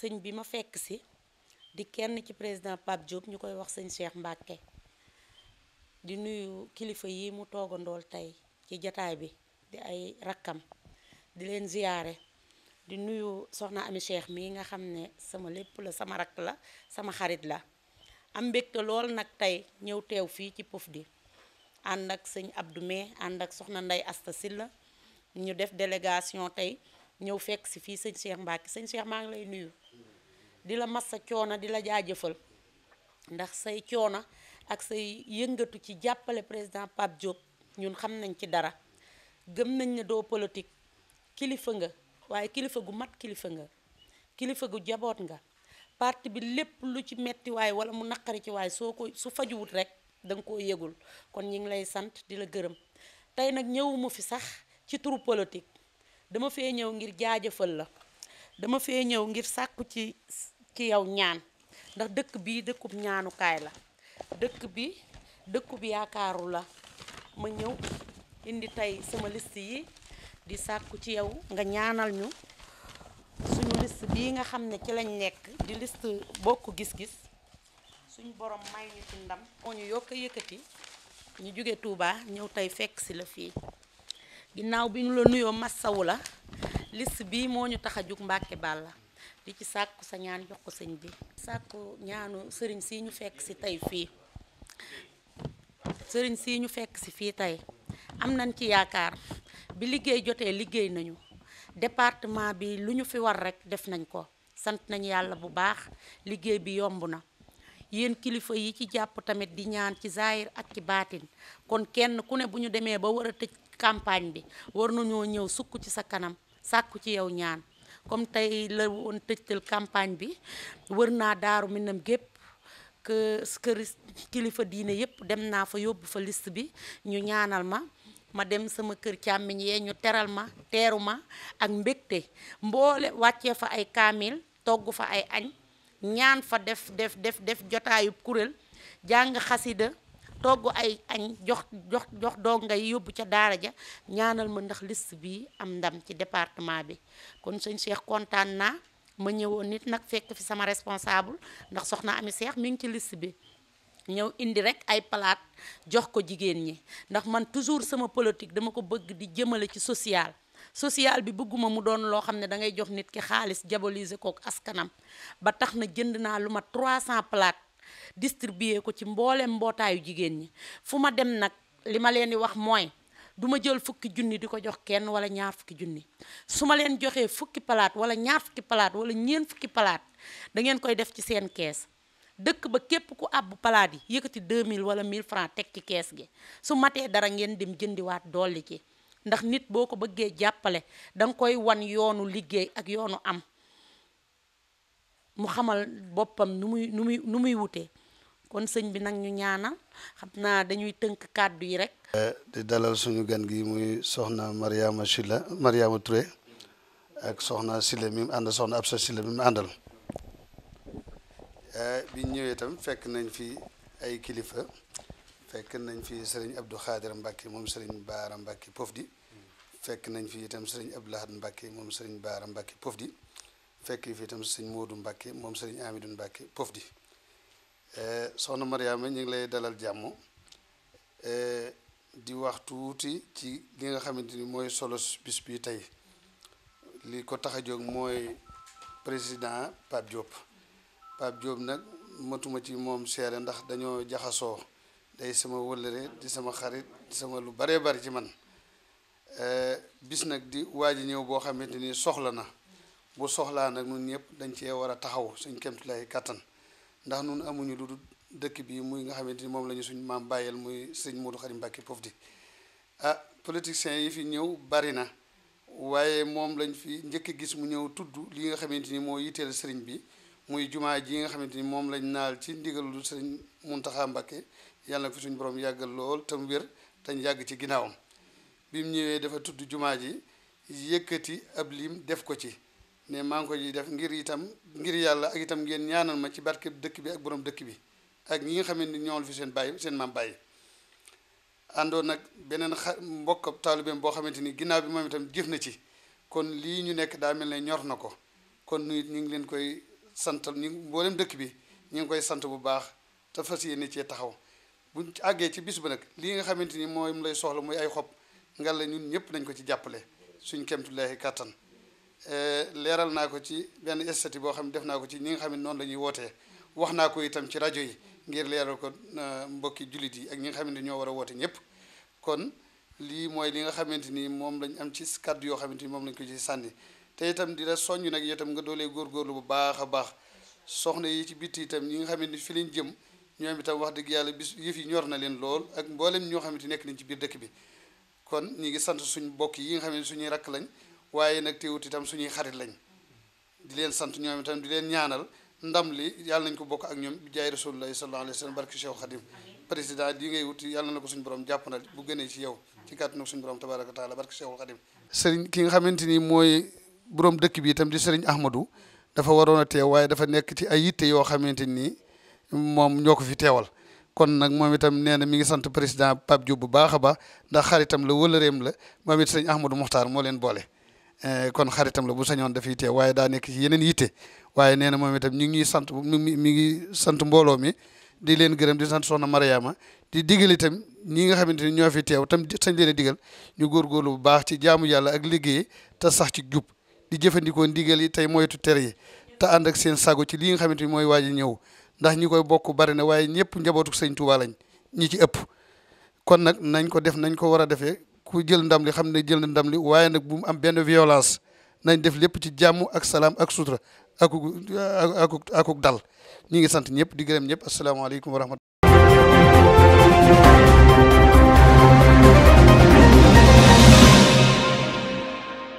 sëñ bi ma fekk si di kenn ci président Pape Diop ñu koy wax sëñ Cheikh Mbacke di nuyu kilifa yi mu toogandool tey ci jataay bi di ay rakkam di leen ziyaare di nuyu soxna Ami Cheikh mii nga xam ne sama lépp la sama rakk la sama xarit la am mbégte lool nag tey ñëw teew fii ci Pouf di ànd ak sëñ abdu Mee ànd ak soxna Ndey Asta si la ñu def délégation tey ñëw fekk si fii sëñ Cheikh Mbacke sëñ Cheikh maa ngi lay nuyu di la massa coono di la jaajëfal ndax say coono ak say yëngatu ci jàppale président Pape Diop ñun xam nañ ci dara gëm nañ ne doo politique kilifa nga waaye kilifa gu mat kilifa nga kilifa gu jaboot nga parti bi lépp lu ci metti waaye wala mu naqari ci waaye soo ko su fajuwut rek da nga koo yëgul kon ñi ngi lay sant di la gërëm tey nag ñëwuma fi sax ci turu politique dama fee ñëw ngir jaajëfal la dama fee ñëw ngir sàkku ci ci yow ñaan ndax dëkk bii dëkkub ñaanukaay la dëkk bi dëkkub yaakaaru la ma ñëw indi tey sama liste yi di sàkku ci yow nga ñaanal ñu suñu liste bii nga xam ne ci lañ nekk di liste bokk gis-gis suñu borom may ñu ci ndam moo ñu yokk yëkkati ñu jóge tuubaa ñëw tey fekk si la fii ginnaaw bi ñu la nuyoo massawu la list bii moo ñu tax a jug Mbàkke Bàlla di ci sàkku sa ñaan jox ko sëñ bi sàkku ñaanu sëriñ si ñu fekk si tey fii sëriñ si ñu fekk si fii tey am nañ ci yaakaar bi liggéey jotee liggéey nañu département bi lu ñu fi war rekk def nañ ko sant nañ yàlla bu baax liggéey bi yomb na yéen kilifa yi ci jàpp tamit di ñaan ci zaahir ak ci baatin kon kenn ku ne bu ñu demee ba war a tëj campagne bi war nañoo ñëw sukk ci sa kanam sàkku ci yow ñaan comme tey la woon tëjtal campagne bi wër naa daaru minam gépp kër kilifa diine yépp dem naa fa yóbbu fa list bi ñu ñaanal ma ma dem sama kër càmmiñ yee ñu teral ma teeru ma ak mbégte mboole wàccee fa ay kaamil togg fa ay añ ñaan fa def def def def jotaayu kuréel jàng xasida togg ay añ jox jox jox doo ngay yóbbu ca daara ja ñaanal ma ndax list bii am ndam ci département bi kon sëñ Cheikh kontaan naa ma ñëwoon nit nag fekk fi sama responsable ndax soxna Ami Cheikh mi ngi ci liste bi ñëw indi rek ay palaat jox ko jigéen ñi ndax man toujours sama politique dama ko bëgg di jëmale ci sociale social bi bëgguma mu doon loo xam ne da ngay jox nit ki xaalis diaboliser kook askanam ba tax na jënd naa lu ma 300 palaat distribuer ko ci mboolem mbootaayu jigéen ñi fu ma dem nag li ma leen di wax mooy du ma jël fukki junni di ko jox kenn wala ñaar fukki junni su ma leen joxee fukki palaat wala ñaar fukki palaat wala ñeen fukki palaat da ngeen koy def ci seen kees dëkk ba képp ku àbb palaat yi yëkkati 2000 wala 1000 francs teg ci kees gi su matee dara ngeen dem jëndiwaat dolli ci ndax nit boo ko bëggee jàppale danga koy wan yoonu liggéey ak yoonu am mu xamal boppam nu nu muy nu muy wutee kon sëñ bi nag ñu ñaanal xam naa dañuy tënk kàddu yi rek. Eh, di dalal suñu gan gi muy soxna Mariama Sylla Mariama Touré ak soxna Sylla mi mu àndal soxna Absa Sylla mi eh, bi ñëwee tam fekk nañ fi ay kilifa fekk nañ fi sëriñ Abdou Khadir Mbacke moom sëriñ Baara Mbacke Pofdi fekk nañ fi itam sëriñ Abdou Lahad moom sëriñ Baara Mbacke Pofdi fekk fi itam sëriñ Modou Mbacke moom sëriñ Amidou Mbacke Pofdi. Eh, soxna Mariama ñu ngi lay dalal jàmm eh, di wax tuuti ci li nga xamante ni mooy solo bis bi tey li ko tax a jóg mooy président Pape Diop Pape Diop nag matuma ci moom seere ndax dañoo jaxasoo day sama wëllëre di sama xarit di sama lu baree bari ci man eh, bis nag di waaj ñëw boo xamante ni soxla na bu soxlaa nag ñun ñëpp dañ cee war a taxaw suñ kemtulay kàttan ndax nun amuñu lu dul dëkk bi muy nga xamante ni moom la ñu suñ maam bàyyeel muy sëñ Modou Xarim Mbàkke foofu di ah politiciens yi fi ñëw bari na waaye moom lañ fi njëkk gis mu ñëw tudd li nga xamante ni moo yitteel sëriñ bi muy jumaa ji nga xamante ni moom lañ naal ci ndigalu sëriñ Muntaxa Mbàkke yàlla na ko fi suñ borom yàggal lool tam wér dañ yàgg ci ginnaawam bi mu ñëwee dafa tudd jumaa ji yëkkati ab liim def ko ci ne maa ngi ko ji def ngir itam ngir yàlla ak itam ngeen ñaanal ma ci barke dëkk bi ak borom dëkk bi ak ñi nga xam ne ñool fi seen bàyyi seen maam bàyyi àndoon nag beneen xa mbokk taalibeem boo xamante ni ginnaaw bi moom itam jëf na ci kon lii ñu nekk daa mel ne ñor na ko kon ñu ñu ngi leen koy santal ñu mboolem dëkk bi ñu ngi koy sant bu baax te fas yéene cee taxaw buñ ci àggee ci bis ba nag lii nga xamante ni mooy lay soxla muy ay xob nga la ñun ñëpp nañ ko ci jàppale suñ kemtulaahi kàttan Eh, leeral naa ko ci benn estati boo xam ne def naa ko ci ñi nga xam noonu la wootee wax naa ko itam ci rajo yi ngir leeral ko eh, mbokki jullit yi ak ñi nga xam ñoo war a woote ñëpp kon lii mooy li nga xamante ni moom lañ am ci kàddu yoo xamante ni moom lañ ko ci sànni te itam di la soññ nag itam nga doolee góorgóorlu bu baax a baax soxna yi ci bitti itam ñi nga xamante ni fi lañ jëm ñoom itam wax dëgg yàlla bis yëf yi ñor na leen lool ak mboolem ñoo xamante nekk nañ ci biir dëkk bi kon ñi ngi sant suñ mbokk yi nga xam ne suñuy rakk lañ waaye nag teewut itam suñuy xarit lañ di leen sant ñoom itam di leen ñaanal ndam li yàlla nañ ko bokk ak ñoom bi jaay rasulullahi sallallahu alayhi wa sallam barki Cheikh Khadim président yi ngay wut yàlla na ko suñ borom jàpp na bu gënee ci yow ci kàttanu suñu borom tabaraka taala barki Cheikh Khadim sëriñ ki nga xamante ni mooy borom dëkk bi di sëriñ Ahmadou dafa waroon a teew waaye dafa nekk ci ay yitte yoo xamante ni moom ñoo ko fi teewal kon nag moom itam nee na mi ngi sant président Pape Diop bu baax a baax ndax xaritam la wëlëreem la moom it sëriñ Ahmadou Mokhtar moo leen boole Eh, kon xaritam la bu sañoon dafiy teew waaye daa nekk ci yeneen yitte waaye nee moom itam ñu ngi ñuy sant mi ngi sant mbooloo mi di leen gërëm di sant soxna Mariama di digal itam ñi nga xamante ni ñoo fi teew tam sañ leen a digal ñu góorgóorlu bu baax ci jaamu yàlla ak liggéey te sax ci jub di jëfandikoo ndigal yi tey moytu tere yi te ànd ak seen sago ci li nga xamante ni mooy waaj a ñëw ndax ñi koy bokk bari na waaye ñëpp njabootu sëñ Tuubaa waalañ ñi ci ëpp kon nag nañ ko def nañ ko war a defee ku jël ndam li xam ne jël ndam li waaye nag bu mu am benn violence nañ def lépp ci jàmm ak salaam ak sutura akuk akuk akuk dal ñu ngi sant ñëpp di gërëm ñëpp asalaamaaleykum wa rahmatulah